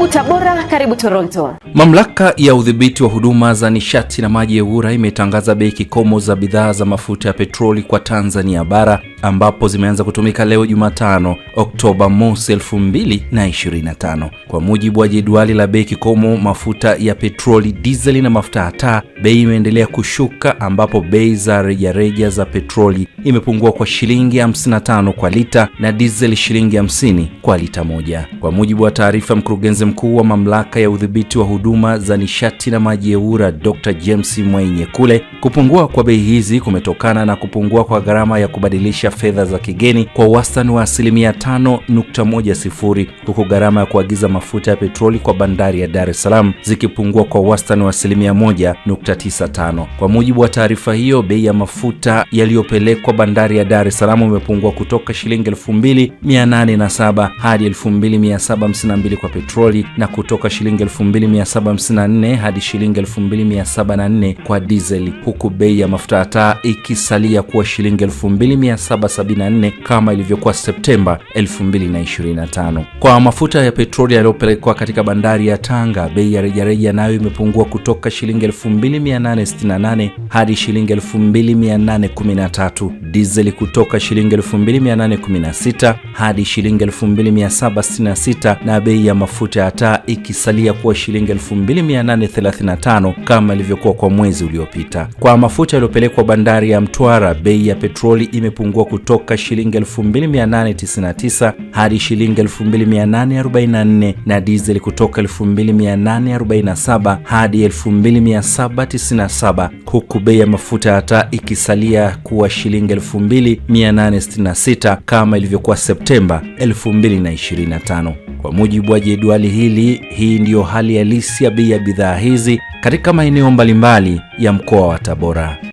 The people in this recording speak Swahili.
Karibu Tabora, karibu Toronto. Mamlaka ya udhibiti wa huduma za nishati na maji ura imetangaza bei kikomo za bidhaa za mafuta ya petroli kwa Tanzania bara ambapo zimeanza kutumika leo Jumatano Oktoba mosi 2025. Kwa mujibu wa jedwali la bei kikomo, mafuta ya petroli, dizeli na mafuta ya taa, bei imeendelea kushuka, ambapo bei za rejareja za petroli imepungua kwa shilingi 55 kwa lita na dizeli shilingi 50 kwa lita moja. Kwa mujibu wa taarifa mkurugenzi mkuu wa mamlaka ya udhibiti wa huduma za nishati na maji EWURA Dr. James Mwainye Kule, kupungua kwa bei hizi kumetokana na kupungua kwa gharama ya kubadilisha cha fedha za kigeni kwa wastani wa asilimia 5.10 huku gharama ya kuagiza mafuta ya petroli kwa bandari ya Dar es Salaam zikipungua kwa wastani wa asilimia 1.95. Kwa mujibu wa taarifa hiyo, bei ya mafuta yaliyopelekwa bandari ya Dar es Salaam imepungua kutoka shilingi 2807 hadi 2752 kwa petroli na kutoka shilingi 2754 hadi shilingi 2704 kwa dizeli, huku bei ya mafuta ya taa ikisalia kuwa shilingi 2700 774 kama ilivyokuwa Septemba 2025. Kwa mafuta ya petroli yaliyopelekwa katika bandari ya Tanga, bei ya rejareja nayo imepungua kutoka shilingi 2868 hadi shilingi 2813, dizeli kutoka shilingi 2816 hadi shilingi 2766, na bei ya mafuta ya taa ikisalia kuwa shilingi 2835 kama ilivyokuwa kwa mwezi uliopita. Kwa mafuta yaliyopelekwa bandari ya Mtwara, bei ya petroli imepungua kutoka shilingi 2899 hadi shilingi 2844 na dizeli kutoka 2847 hadi 2797 huku bei ya mafuta hata ikisalia kuwa shilingi 2866 kama ilivyokuwa Septemba 2025. Kwa mujibu wa jedwali hili, hii ndiyo hali halisi ya bei ya bidhaa hizi katika maeneo mbalimbali ya mkoa wa Tabora